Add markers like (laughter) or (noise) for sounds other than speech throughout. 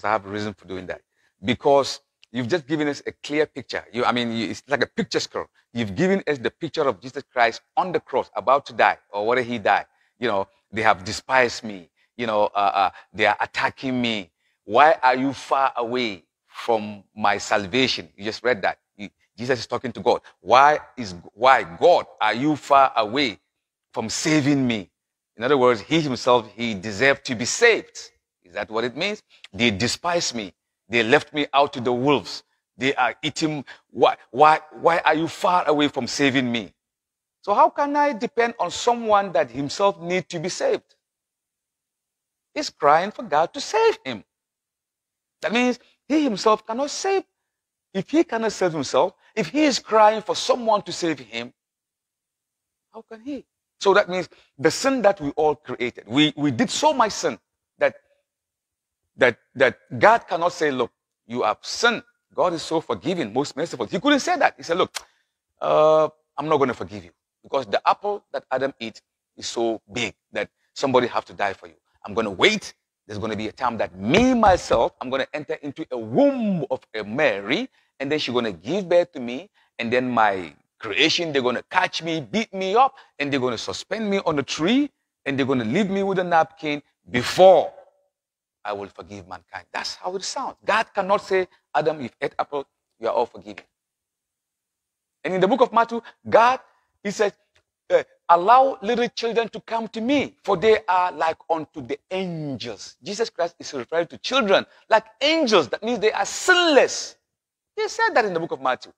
because I have a reason for doing that. Because you've just given us a clear picture. You, I mean, you, it's like a picture scroll. You've given us the picture of Jesus Christ on the cross, about to die, or whether he died. You know, they have despised me. You know, uh, uh, they are attacking me. Why are you far away from my salvation? You just read that. Jesus is talking to God. Why is why God are you far away from saving me? In other words, he himself he deserved to be saved. Is that what it means? They despise me. They left me out to the wolves. They are eating. Why, why, why are you far away from saving me? So how can I depend on someone that himself needs to be saved? He's crying for God to save him. That means he himself cannot save. If he cannot save himself, if he is crying for someone to save him, how can he? So that means the sin that we all created. We, we did so much sin that, that God cannot say, look, you have sinned. God is so forgiving, most merciful. He couldn't say that. He said, look, uh, I'm not going to forgive you because the apple that Adam ate is so big that somebody have to die for you. I'm going to wait. There's going to be a time that me, myself, I'm going to enter into a womb of a Mary and then she's going to give birth to me and then my creation, they're going to catch me, beat me up, and they're going to suspend me on a tree, and they're going to leave me with a napkin before I will forgive mankind. That's how it sounds. God cannot say, Adam, if ate apple, you are all forgiven. And in the book of Matthew, God, he says, uh, allow little children to come to me, for they are like unto the angels. Jesus Christ is referring to children like angels. That means they are sinless. He said that in the book of Matthew.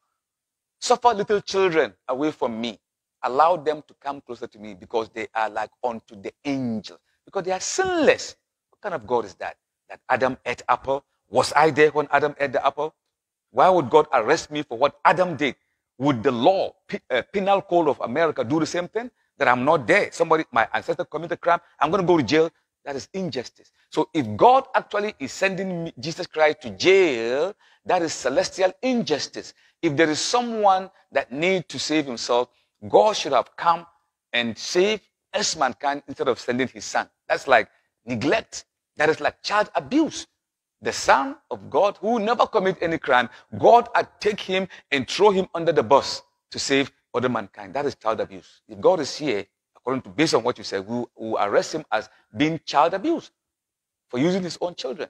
Suffer little children away from me. Allow them to come closer to me because they are like unto the angels. Because they are sinless kind of God is that? That Adam ate apple? Was I there when Adam ate the apple? Why would God arrest me for what Adam did? Would the law, uh, penal code of America, do the same thing? That I'm not there. Somebody, my ancestor committed crime. I'm going to go to jail. That is injustice. So if God actually is sending me, Jesus Christ to jail, that is celestial injustice. If there is someone that need to save himself, God should have come and saved us mankind instead of sending his son. That's like neglect that is like child abuse. The son of God who never commit any crime, God had take him and throw him under the bus to save other mankind. That is child abuse. If God is here, according to based on what you said, we will arrest him as being child abuse for using his own children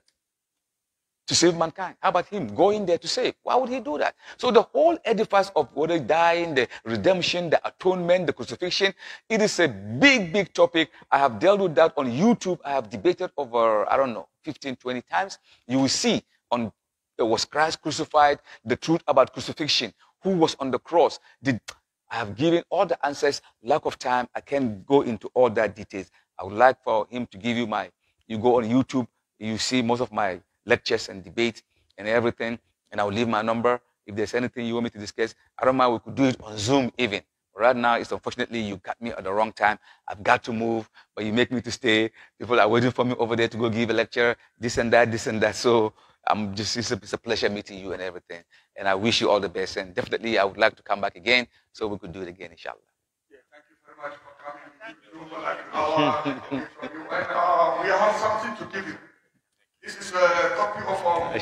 to save mankind. How about him going there to save? Why would he do that? So the whole edifice of whether dying, the redemption, the atonement, the crucifixion, it is a big, big topic. I have dealt with that on YouTube. I have debated over, I don't know, 15, 20 times. You will see on was Christ crucified, the truth about crucifixion, who was on the cross, did I have given all the answers, lack of time, I can't go into all that details. I would like for him to give you my, you go on YouTube, you see most of my lectures and debate and everything. And I'll leave my number. If there's anything you want me to discuss, I don't mind. We could do it on Zoom even. Right now, it's unfortunately you got me at the wrong time. I've got to move, but you make me to stay. People are waiting for me over there to go give a lecture, this and that, this and that. So I'm just it's a, it's a pleasure meeting you and everything. And I wish you all the best. And definitely, I would like to come back again so we could do it again, inshallah. Yeah, thank you very much for coming. Thank you. (laughs) we have something to give you. This is a copy of our um,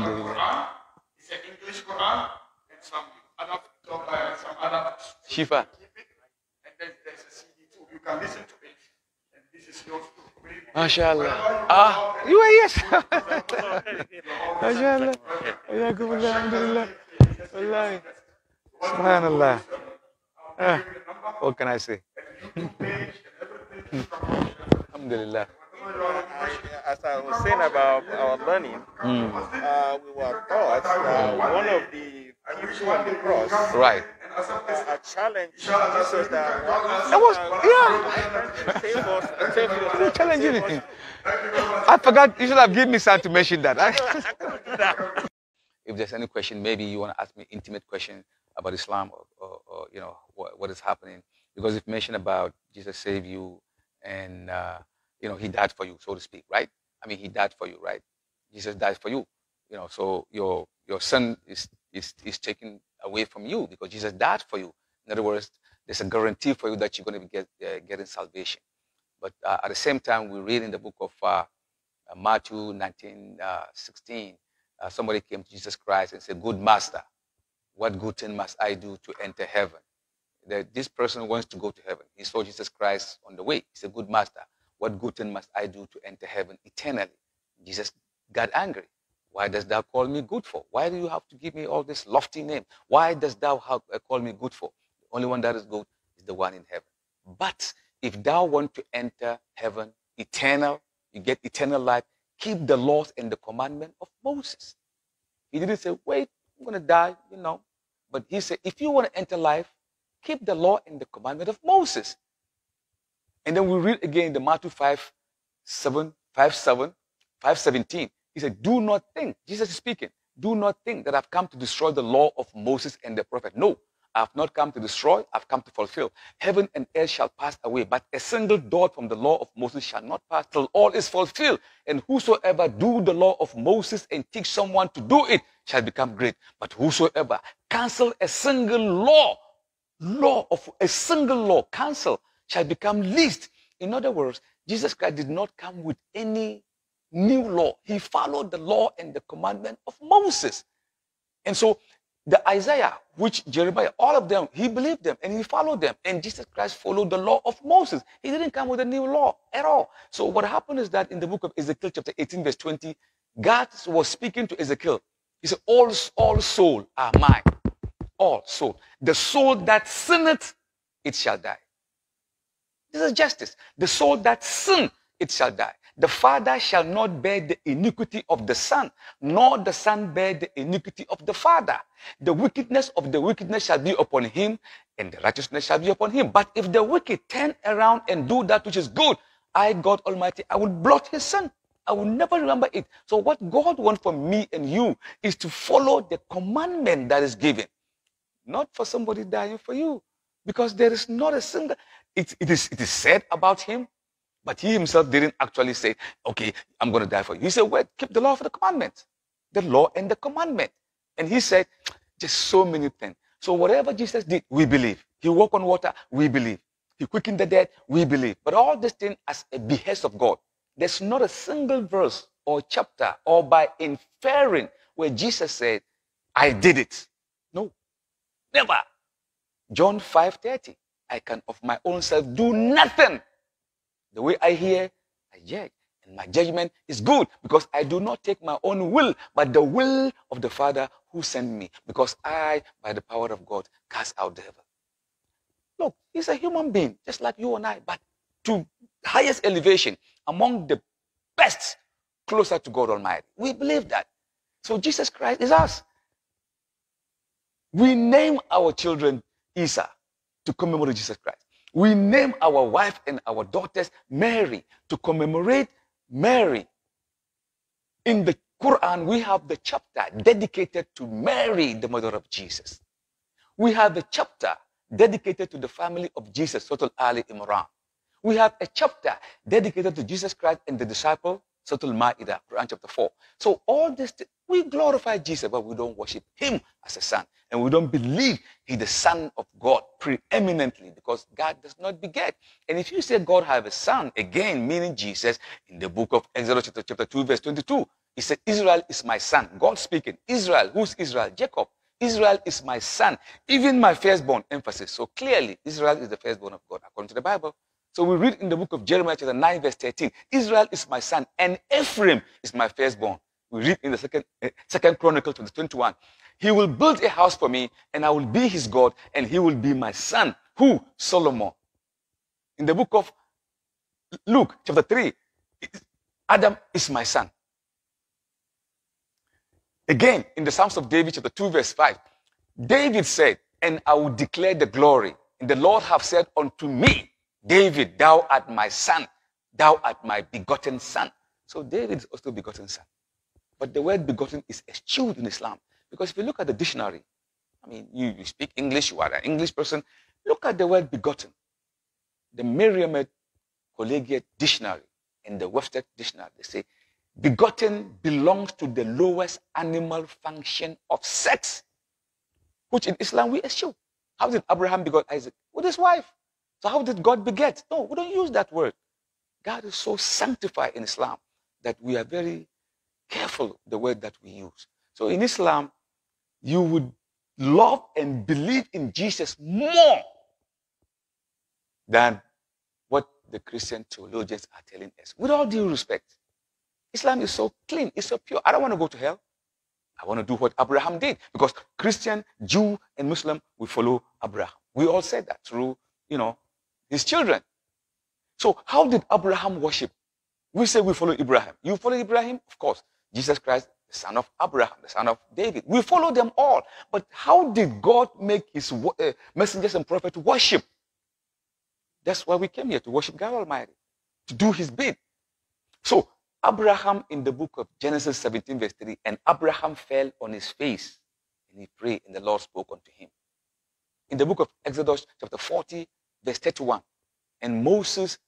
(laughs) uh, Quran. It's an English Quran and some Arab, uh, some Arab Shifa. And then there's a CD too. You can listen to it. And this is your too. MashaAllah. Ah, you are yes. MashaAllah. حياكم الله what can I say? (laughs) Alhamdulillah as I was saying about our learning, mm. uh, we were taught uh, one of the people on the cross. Right. Uh, a challenge Jesus that that was yeah. Save challenging. I forgot. You should have given me time to mention that. (laughs) that. if there's any question, maybe you want to ask me intimate question about Islam or, or, or you know what, what is happening because if mentioned about Jesus save you and uh, you know, he died for you, so to speak, right? I mean, he died for you, right? Jesus died for you, you know, so your, your son is, is, is taken away from you because Jesus died for you. In other words, there's a guarantee for you that you're going to be get, uh, getting salvation. But uh, at the same time, we read in the book of uh, uh Matthew 19, uh, 16, uh, somebody came to Jesus Christ and said, good master, what good thing must I do to enter heaven? That this person wants to go to heaven. He saw Jesus Christ on the way. He said, good master, what good thing must I do to enter heaven eternally? Jesus got angry. Why does thou call me good for? Why do you have to give me all this lofty name? Why does thou have, uh, call me good for? The only one that is good is the one in heaven. But if thou want to enter heaven eternal, you get eternal life, keep the laws and the commandment of Moses. He didn't say, wait, I'm going to die, you know. But he said, if you want to enter life, keep the law and the commandment of Moses. And then we read again the Matthew 5, 7, 5, 7, 5, 17. He said, Do not think, Jesus is speaking, do not think that I've come to destroy the law of Moses and the prophet. No, I've not come to destroy, I've come to fulfill. Heaven and earth shall pass away, but a single dot from the law of Moses shall not pass till all is fulfilled. And whosoever do the law of Moses and teach someone to do it shall become great. But whosoever cancel a single law, law of a single law, cancel shall become least. In other words, Jesus Christ did not come with any new law. He followed the law and the commandment of Moses. And so the Isaiah, which Jeremiah, all of them, he believed them and he followed them. And Jesus Christ followed the law of Moses. He didn't come with a new law at all. So what happened is that in the book of Ezekiel chapter 18 verse 20, God was speaking to Ezekiel. He said, all, all soul are mine. All soul. The soul that sinneth, it shall die. This is justice. The soul that sin, it shall die. The Father shall not bear the iniquity of the Son, nor the Son bear the iniquity of the Father. The wickedness of the wickedness shall be upon him, and the righteousness shall be upon him. But if the wicked turn around and do that which is good, I, God Almighty, I will blot his son. I will never remember it. So what God wants from me and you is to follow the commandment that is given. Not for somebody dying for you. Because there is not a single, it, it, is, it is said about him, but he himself didn't actually say, okay, I'm going to die for you. He said, well, keep the law for the commandment, the law and the commandment. And he said, just so many things. So whatever Jesus did, we believe. He walked on water, we believe. He quickened the dead, we believe. But all this thing as a behest of God. There's not a single verse or chapter or by inferring where Jesus said, I did it. No, never. John 5.30. I can of my own self do nothing. The way I hear, I judge. And my judgment is good because I do not take my own will, but the will of the Father who sent me. Because I, by the power of God, cast out the devil. Look, he's a human being, just like you and I, but to highest elevation, among the best, closer to God Almighty. We believe that. So Jesus Christ is us. We name our children Isa to commemorate Jesus Christ. We name our wife and our daughters Mary to commemorate Mary. In the Quran, we have the chapter dedicated to Mary, the mother of Jesus. We have a chapter dedicated to the family of Jesus, Sotul Ali Imran. We have a chapter dedicated to Jesus Christ and the disciple Surah maidah Quran chapter 4. So all this, we glorify Jesus, but we don't worship him as a son. And we don't believe he's the son of God preeminently because God does not beget. And if you say God have a son, again, meaning Jesus, in the book of Exodus chapter 2, verse 22, he said, Israel is my son. God speaking. Israel, who's Israel? Jacob. Israel is my son, even my firstborn. Emphasis. So clearly, Israel is the firstborn of God, according to the Bible. So we read in the book of Jeremiah, chapter 9, verse 13 Israel is my son, and Ephraim is my firstborn. We read in the second, eh, second Chronicle 21. He will build a house for me, and I will be his God, and he will be my son. Who? Solomon. In the book of Luke, chapter 3, Adam is my son. Again, in the Psalms of David, chapter 2, verse 5, David said, And I will declare the glory. And the Lord have said unto me, David, thou art my son. Thou art my begotten son. So David is also begotten son. But the word begotten is eschewed in Islam. Because if you look at the dictionary, I mean, you, you speak English, you are an English person. Look at the word begotten. The Merriam Collegiate Dictionary and the Webster Dictionary, they say, begotten belongs to the lowest animal function of sex, which in Islam we eschew. How did Abraham begot Isaac? With his wife. So how did God beget? No, we don't use that word. God is so sanctified in Islam that we are very careful the word that we use. So in Islam, you would love and believe in Jesus more than what the Christian theologians are telling us. With all due respect, Islam is so clean, it's so pure. I don't want to go to hell. I want to do what Abraham did because Christian, Jew, and Muslim, we follow Abraham. We all said that through, you know, his children. So how did Abraham worship? We say we follow Abraham. You follow Abraham? Of course. Jesus Christ, the son of Abraham, the son of David. We follow them all. But how did God make his uh, messengers and prophets worship? That's why we came here, to worship God Almighty, to do his bid. So Abraham in the book of Genesis 17, verse 3, and Abraham fell on his face and he prayed, and the Lord spoke unto him. In the book of Exodus, chapter 40, verse 31. And Moses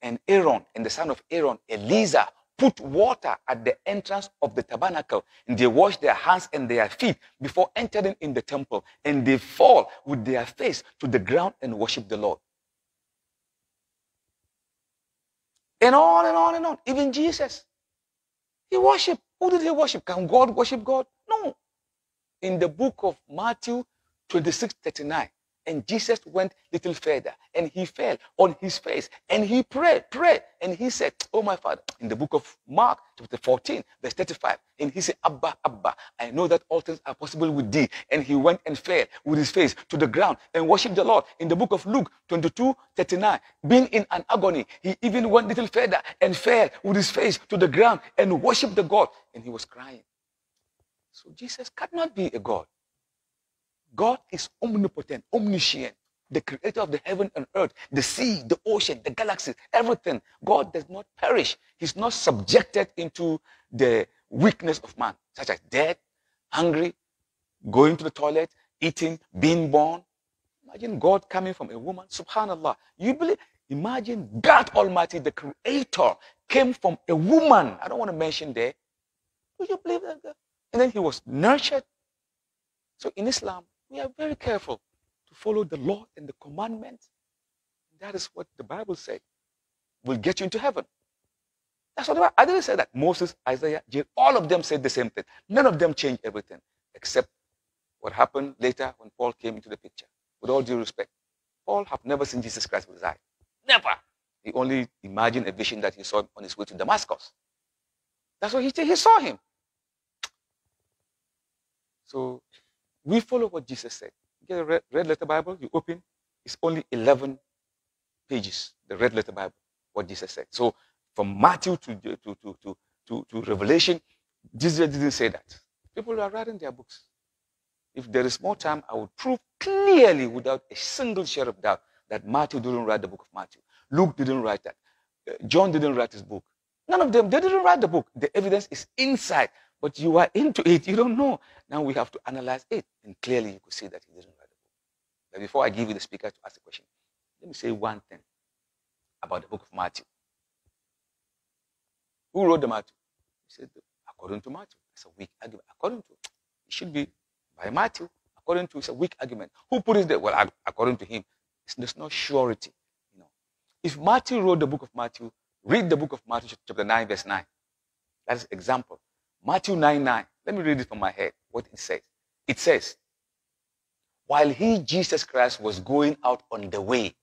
and Aaron and the son of Aaron, Eleazar, put water at the entrance of the tabernacle, and they wash their hands and their feet before entering in the temple, and they fall with their face to the ground and worship the Lord. And on and on and on. Even Jesus, he worshiped. Who did he worship? Can God worship God? No. In the book of Matthew 26 39, and Jesus went little further and he fell on his face and he prayed, prayed. And he said, Oh, my father, in the book of Mark, chapter 14, verse 35, and he said, Abba, Abba, I know that all things are possible with thee. And he went and fell with his face to the ground and worshiped the Lord. In the book of Luke 22, 39, being in an agony, he even went little further and fell with his face to the ground and worshiped the God. And he was crying. So Jesus cannot be a God. God is omnipotent, omniscient, the creator of the heaven and earth, the sea, the ocean, the galaxies, everything. God does not perish. He's not subjected into the weakness of man, such as death, hungry, going to the toilet, eating, being born. Imagine God coming from a woman. Subhanallah. You believe? Imagine God Almighty, the creator, came from a woman. I don't want to mention there. Would you believe that? And then he was nurtured. So in Islam, we are very careful to follow the law and the commandments. That is what the Bible said will get you into heaven. That's what the Bible, I didn't say that. Moses, Isaiah, all of them said the same thing. None of them changed everything except what happened later when Paul came into the picture. With all due respect, Paul have never seen Jesus Christ with his eyes. Never. He only imagined a vision that he saw on his way to Damascus. That's what he, he saw him. So we follow what Jesus said. You get a red, red letter Bible, you open, it's only 11 pages, the red letter Bible, what Jesus said. So from Matthew to, to, to, to, to, to Revelation, Jesus didn't say that. People are writing their books. If there is more time, I would prove clearly without a single share of doubt that Matthew didn't write the book of Matthew. Luke didn't write that. Uh, John didn't write his book. None of them, they didn't write the book. The evidence is inside but you are into it. You don't know. Now we have to analyze it. And clearly you could see that he doesn't write the book. But before I give you the speaker to ask a question, let me say one thing about the book of Matthew. Who wrote the Matthew? He said, according to Matthew. It's a weak argument. According to, it should be by Matthew. According to, it's a weak argument. Who put it there? Well, according to him, there's no surety. You know, if Matthew wrote the book of Matthew, read the book of Matthew, chapter nine, verse nine. That's example. Matthew 9 9. Let me read it from my head, what it says. It says, While he, Jesus Christ, was going out on the way,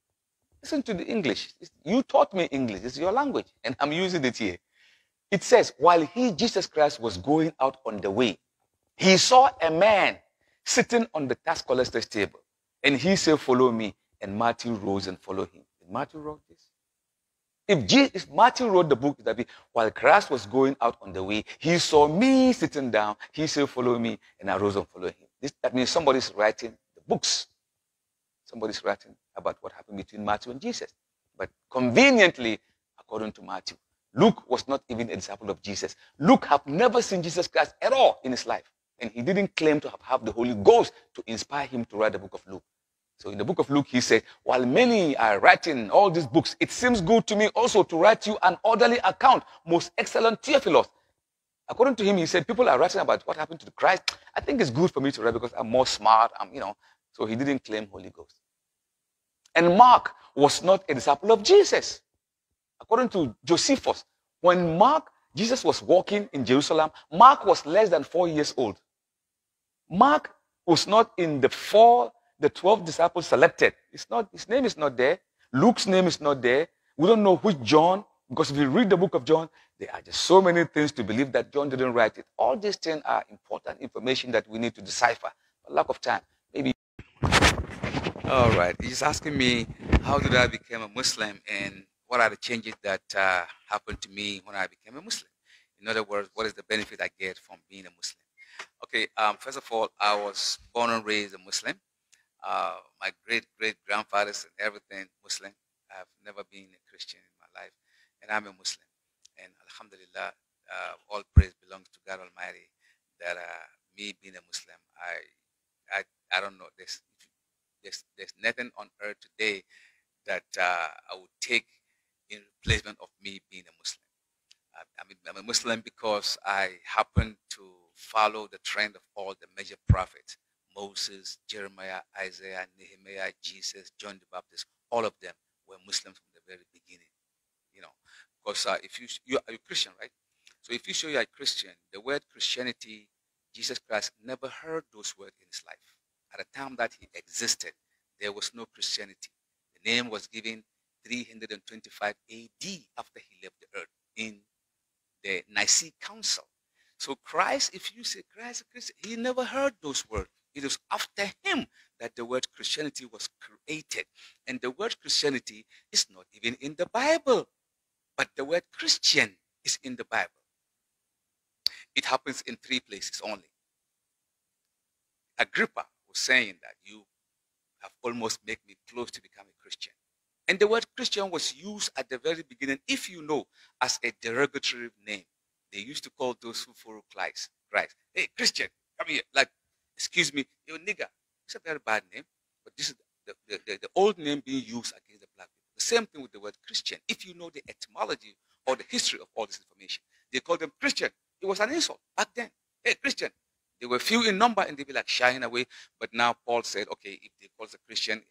listen to the English. You taught me English, it's your language, and I'm using it here. It says, While he, Jesus Christ, was going out on the way, he saw a man sitting on the tax collector's table, and he said, Follow me. And Matthew rose and followed him. Did Matthew wrote this? If, Jesus, if Matthew wrote the book, that be, while Christ was going out on the way, he saw me sitting down. He said, Follow me. And I rose and followed him. This, that means somebody's writing the books. Somebody's writing about what happened between Matthew and Jesus. But conveniently, according to Matthew, Luke was not even a disciple of Jesus. Luke had never seen Jesus Christ at all in his life. And he didn't claim to have, have the Holy Ghost to inspire him to write the book of Luke. So in the book of Luke, he said, While many are writing all these books, it seems good to me also to write you an orderly account, most excellent Theophilus. According to him, he said, People are writing about what happened to Christ. I think it's good for me to write because I'm more smart. I'm, you know. So he didn't claim Holy Ghost. And Mark was not a disciple of Jesus. According to Josephus, when Mark, Jesus was walking in Jerusalem, Mark was less than four years old. Mark was not in the four the 12 disciples selected. It's not, his name is not there. Luke's name is not there. We don't know which John, because if you read the book of John, there are just so many things to believe that John didn't write it. All these things are important information that we need to decipher. But lack of time, maybe. All right. He's asking me, how did I become a Muslim and what are the changes that uh, happened to me when I became a Muslim? In other words, what is the benefit I get from being a Muslim? Okay, um, first of all, I was born and raised a Muslim. Uh, my great great grandfathers and everything Muslim. I've never been a Christian in my life, and I'm a Muslim. And Alhamdulillah, uh, all praise belongs to God Almighty. That uh, me being a Muslim, I, I, I don't know. There's, there's, there's nothing on earth today that uh, I would take in replacement of me being a Muslim. I, mean, I'm a Muslim because I happen to follow the trend of all the major prophets. Moses, Jeremiah, Isaiah, Nehemiah, Jesus, John the Baptist, all of them were Muslims from the very beginning. You know, because uh, if you you are you Christian, right? So if you show you are Christian, the word Christianity, Jesus Christ never heard those words in his life. At the time that he existed, there was no Christianity. The name was given 325 AD after he left the earth in the Nicene Council. So Christ, if you say Christ, Christ, he never heard those words. It was after him that the word Christianity was created. And the word Christianity is not even in the Bible, but the word Christian is in the Bible. It happens in three places only. Agrippa was saying that you have almost made me close to become a Christian. And the word Christian was used at the very beginning, if you know, as a derogatory name. They used to call those who follow Christ, Christ. Hey, Christian, come here. Like excuse me, a nigger. It's a very bad name, but this is the, the, the, the old name being used against the black people. The same thing with the word Christian. If you know the etymology or the history of all this information, they called them Christian. It was an insult back then. Hey, Christian. They were few in number and they were like shying away. But now Paul said, okay, if they call a Christian,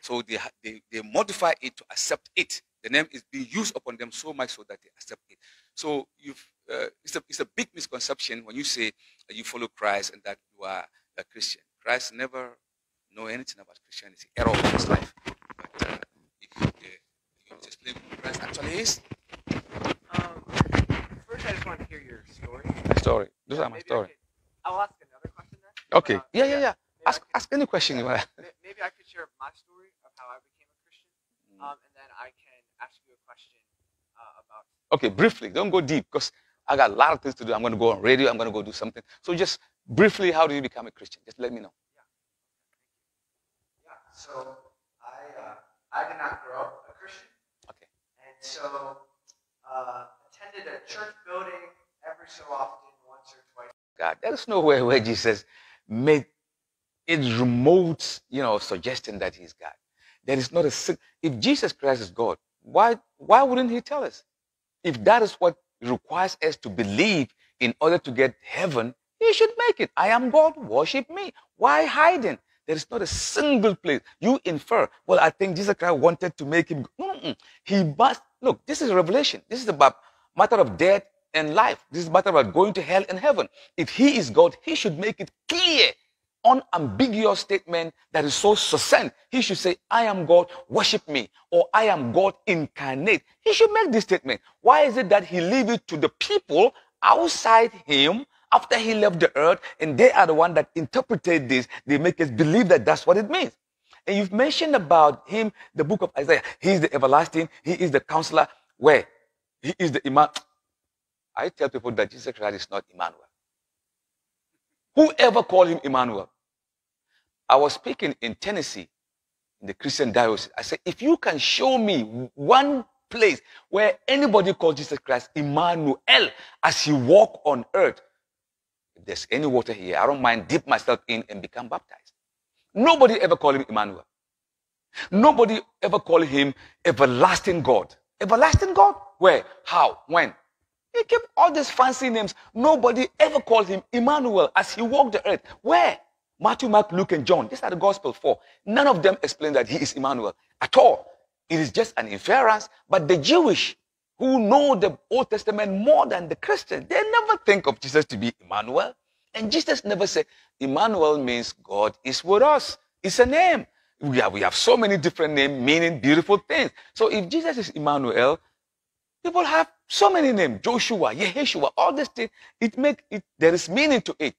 so they, they, they modify it to accept it. The name is being used upon them so much so that they accept it. So you've, uh, it's, a, it's a big misconception when you say you follow Christ and that you are a Christian. Christ never know anything about Christianity at all in his life. But uh, if you, uh, you explain who Christ actually is. Um, first, I just want to hear your story. Story. This yeah, my story. I will ask another question then. Okay. uh, yeah, yeah, yeah. Ask, could, ask any question you want. Maybe I could share my story of how I became a Christian, mm. um, and then I can ask you a question uh, about. Okay, briefly. Don't go deep because I got a lot of things to do. I'm going to go on radio. I'm going to go do something. So just briefly, how do you become a Christian? Just let me know. Yeah. yeah so I, uh, I did not grow up a Christian. Okay. And so uh, attended a church building every so often, once or twice. God, there's nowhere where Jesus made it remote, you know, suggestion that he's God. There is not a if Jesus Christ is God, why why wouldn't he tell us? If that is what requires us to believe in order to get heaven, he should make it. I am God. Worship me. Why hiding? There is not a single place you infer. Well, I think Jesus Christ wanted to make him. Mm -mm. He must look. This is revelation. This is about matter of death and life. This is matter about going to hell and heaven. If he is God, he should make it clear, unambiguous statement that is so succinct. He should say, "I am God. Worship me," or "I am God incarnate." He should make this statement. Why is it that he leave it to the people outside him after he left the earth, and they are the one that interpreted this. They make us believe that that's what it means. And you've mentioned about him, the book of Isaiah. He is the everlasting. He is the counselor. Where? He is the Imam. I tell people that Jesus Christ is not Emmanuel. Whoever called him Emmanuel. I was speaking in Tennessee, in the Christian diocese. I said, if you can show me one place where anybody called Jesus Christ Emmanuel as he walked on earth, there's any water here, I don't mind dip myself in and become baptized. Nobody ever called him Emmanuel. Nobody ever called him everlasting God. Everlasting God? Where? How? When? He kept all these fancy names. Nobody ever called him Emmanuel as he walked the earth. Where? Matthew, Mark, Luke, and John. These are the gospel four. None of them explain that he is Emmanuel at all. It is just an inference. But the Jewish who know the Old Testament more than the Christians, they never think of Jesus to be Emmanuel. And Jesus never said, Emmanuel means God is with us. It's a name. We have, we have so many different names meaning beautiful things. So if Jesus is Emmanuel, people have so many names. Joshua, Yeshua, all these things. It make it, there is meaning to it.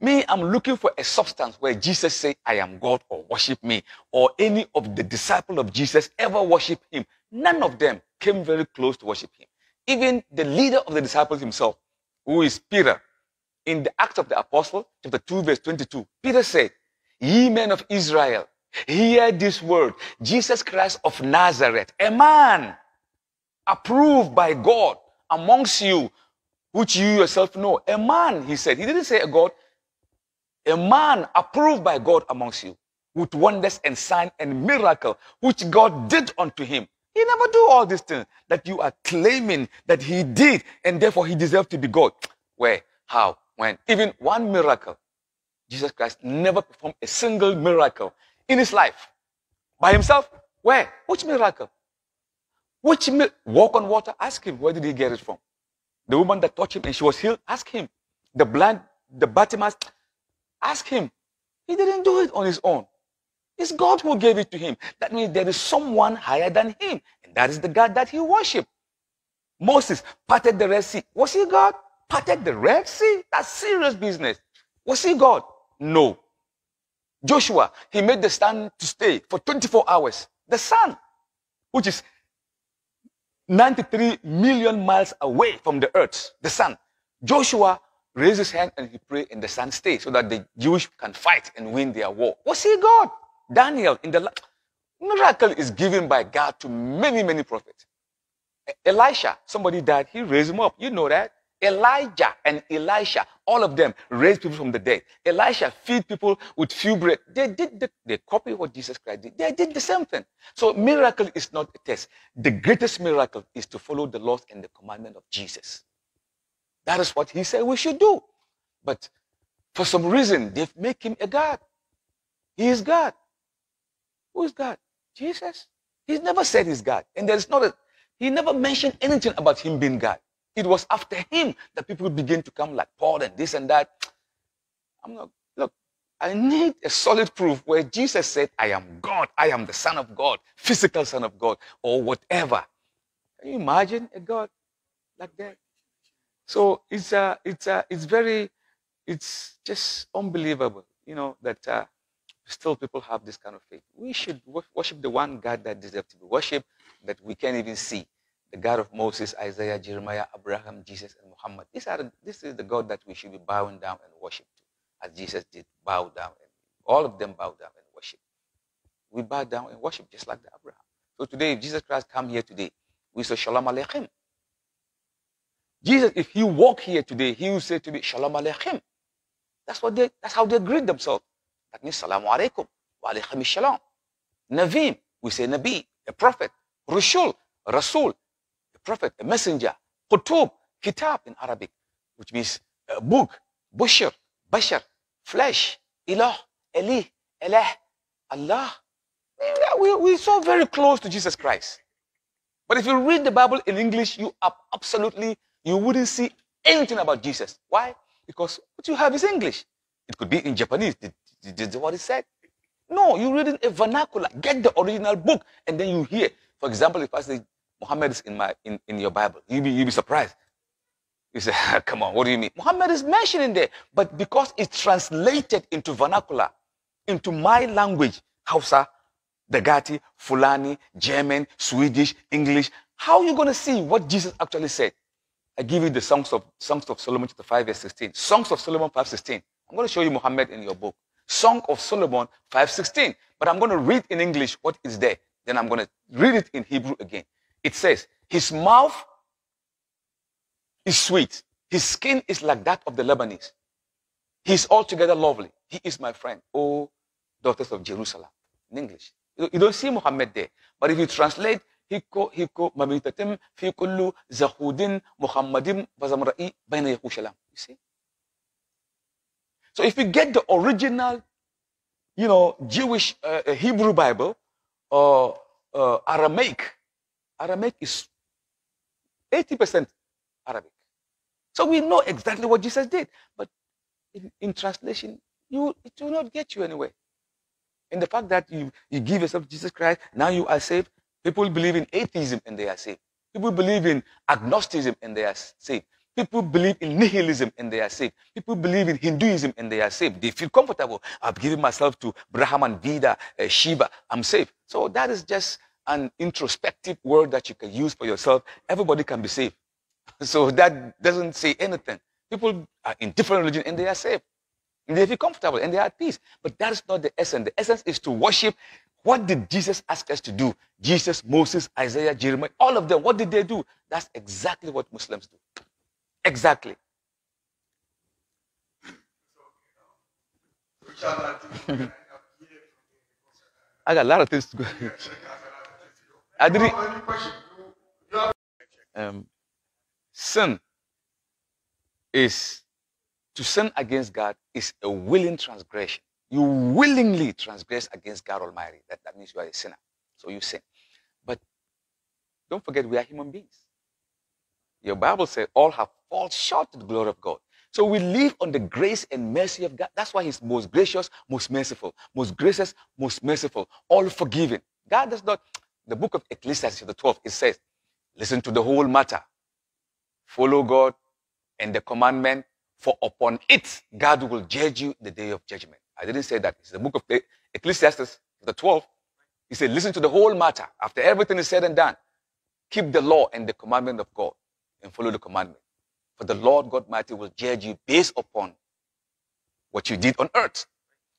Me, I'm looking for a substance where Jesus say, I am God or worship me. Or any of the disciple of Jesus ever worship him. None of them came very close to worship him. Even the leader of the disciples himself who is Peter, in the Acts of the Apostle, chapter 2, verse 22, Peter said, Ye men of Israel, hear this word, Jesus Christ of Nazareth, a man approved by God amongst you, which you yourself know. A man, he said. He didn't say a God. A man approved by God amongst you with wonders and signs and miracles which God did unto him he never do all these things that you are claiming that he did and therefore he deserved to be God. Where, how, when? Even one miracle. Jesus Christ never performed a single miracle in his life. By himself? Where? Which miracle? Which mi walk on water? Ask him. Where did he get it from? The woman that touched him and she was healed? Ask him. The blind, the Bartimaeus? Ask him. He didn't do it on his own. It's God who gave it to him. That means there is someone higher than him. And that is the God that he worshiped. Moses parted the Red Sea. Was he God? Parted the Red Sea? That's serious business. Was he God? No. Joshua, he made the sun to stay for 24 hours. The sun, which is 93 million miles away from the earth, the sun. Joshua raised his hand and he prayed and the sun stayed so that the Jewish can fight and win their war. Was he God? Daniel, in the miracle is given by God to many, many prophets. Elisha, somebody died, he raised him up. You know that. Elijah and Elisha, all of them raised people from the dead. Elisha feed people with few bread. They did the, they copy what Jesus Christ did. They did the same thing. So miracle is not a test. The greatest miracle is to follow the laws and the commandment of Jesus. That is what he said we should do. But for some reason, they've made him a God. He is God. Who's God? Jesus. He's never said he's God. And there's not a, he never mentioned anything about him being God. It was after him that people begin to come like Paul and this and that. I'm not, look, I need a solid proof where Jesus said, I am God, I am the Son of God, physical Son of God, or whatever. Can you imagine a God like that? So it's, uh, it's, uh, it's very, it's just unbelievable, you know, that uh, still people have this kind of faith. We should worship the one God that deserves to be worshipped, that we can't even see. The God of Moses, Isaiah, Jeremiah, Abraham, Jesus, and Muhammad. These are, this is the God that we should be bowing down and worship to, as Jesus did bow down. And, all of them bow down and worship. We bow down and worship just like the Abraham. So today, if Jesus Christ come here today, we say Shalom Aleichem. Jesus, if he walk here today, he will say to me, Shalom Aleichem. That's what they, that's how they greet themselves. That means Salamu Alaikum, Wa Alaikum Shalom. Naveem, we say Nabi, a prophet. Rushul, Rasul, a prophet, a messenger. Qutub, Kitab in Arabic, which means a book. Bushir, Bashar, flesh. Ilah, Eli, Elah, Allah. We, we're so very close to Jesus Christ. But if you read the Bible in English, you are absolutely, you wouldn't see anything about Jesus. Why? Because what you have is English. It could be in Japanese. The did you what he said? No, you read it a vernacular. Get the original book, and then you hear. For example, if I say Muhammad is in my in, in your Bible, you be you be surprised. You say, (laughs) come on, what do you mean? Muhammad is mentioned in there, but because it's translated into vernacular, into my language, Hausa, Dagati, Fulani, German, Swedish, English, how are you going to see what Jesus actually said? I give you the Songs of, Songs of Solomon chapter 5 verse 16. Songs of Solomon 5 16. I'm going to show you Muhammad in your book. Song of Solomon 5.16. But I'm going to read in English what is there. Then I'm going to read it in Hebrew again. It says, his mouth is sweet. His skin is like that of the Lebanese. He is altogether lovely. He is my friend. Oh, daughters of Jerusalem. In English. You don't see Muhammad there. But if you translate "Hiko hiko ما fi في zahudin Muhammadim محمد bayna بين يقوشلام. You see? So if you get the original, you know, Jewish uh, uh, Hebrew Bible or uh, Aramaic, Aramaic is 80% Arabic. So we know exactly what Jesus did. But in, in translation, you, it will not get you anywhere. And the fact that you, you give yourself Jesus Christ, now you are saved. People believe in atheism and they are saved. People believe in agnosticism and they are saved. People believe in nihilism and they are saved. People believe in Hinduism and they are saved. They feel comfortable. I've given myself to Brahman, Veda, uh, Shiva. I'm saved. So that is just an introspective word that you can use for yourself. Everybody can be saved. (laughs) So that doesn't say anything. People are in different religion and they are saved. And they feel comfortable and they are at peace. But that is not the essence. The essence is to worship. What did Jesus ask us to do? Jesus, Moses, Isaiah, Jeremiah, all of them, what did they do? That's exactly what Muslims do. Exactly. I got a lot of things to go. I didn't. Um, sin is to sin against God is a willing transgression. You willingly transgress against God Almighty. That, that means you are a sinner. So you sin. But don't forget, we are human beings. Your Bible says all have fallen short of the glory of God. So we live on the grace and mercy of God. That's why He's most gracious, most merciful, most gracious, most merciful, all forgiving. God does not. The book of Ecclesiastes, the 12, it says, listen to the whole matter, follow God and the commandment, for upon it God will judge you the day of judgment. I didn't say that. It's the book of Ecclesiastes, the 12. He said, listen to the whole matter. After everything is said and done, keep the law and the commandment of God and follow the commandment. For the Lord God Mighty will judge you based upon what you did on earth.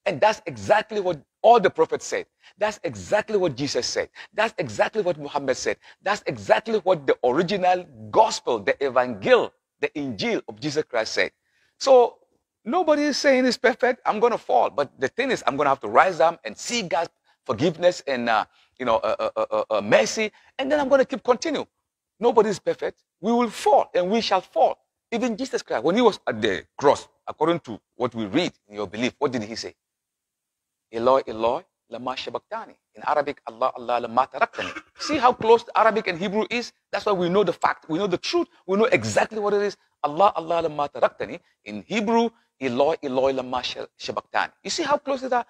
And that's exactly what all the prophets said. That's exactly what Jesus said. That's exactly what Muhammad said. That's exactly what the original gospel, the evangel, the Injil of Jesus Christ said. So nobody is saying it's perfect. I'm going to fall. But the thing is, I'm going to have to rise up and see God's forgiveness and, uh, you know, uh, uh, mercy. And then I'm going to keep continue. is perfect we will fall and we shall fall. Even Jesus Christ, when he was at the cross, according to what we read in your belief, what did he say? Eloi, Eloi, lama shabaktani. In Arabic, Allah, Allah, lama taraktani. See how close Arabic and Hebrew is? That's why we know the fact. We know the truth. We know exactly what it is. Allah, Allah, lama taraktani. In Hebrew, Eloi, Eloi, lama shabaktani. You see how close it is?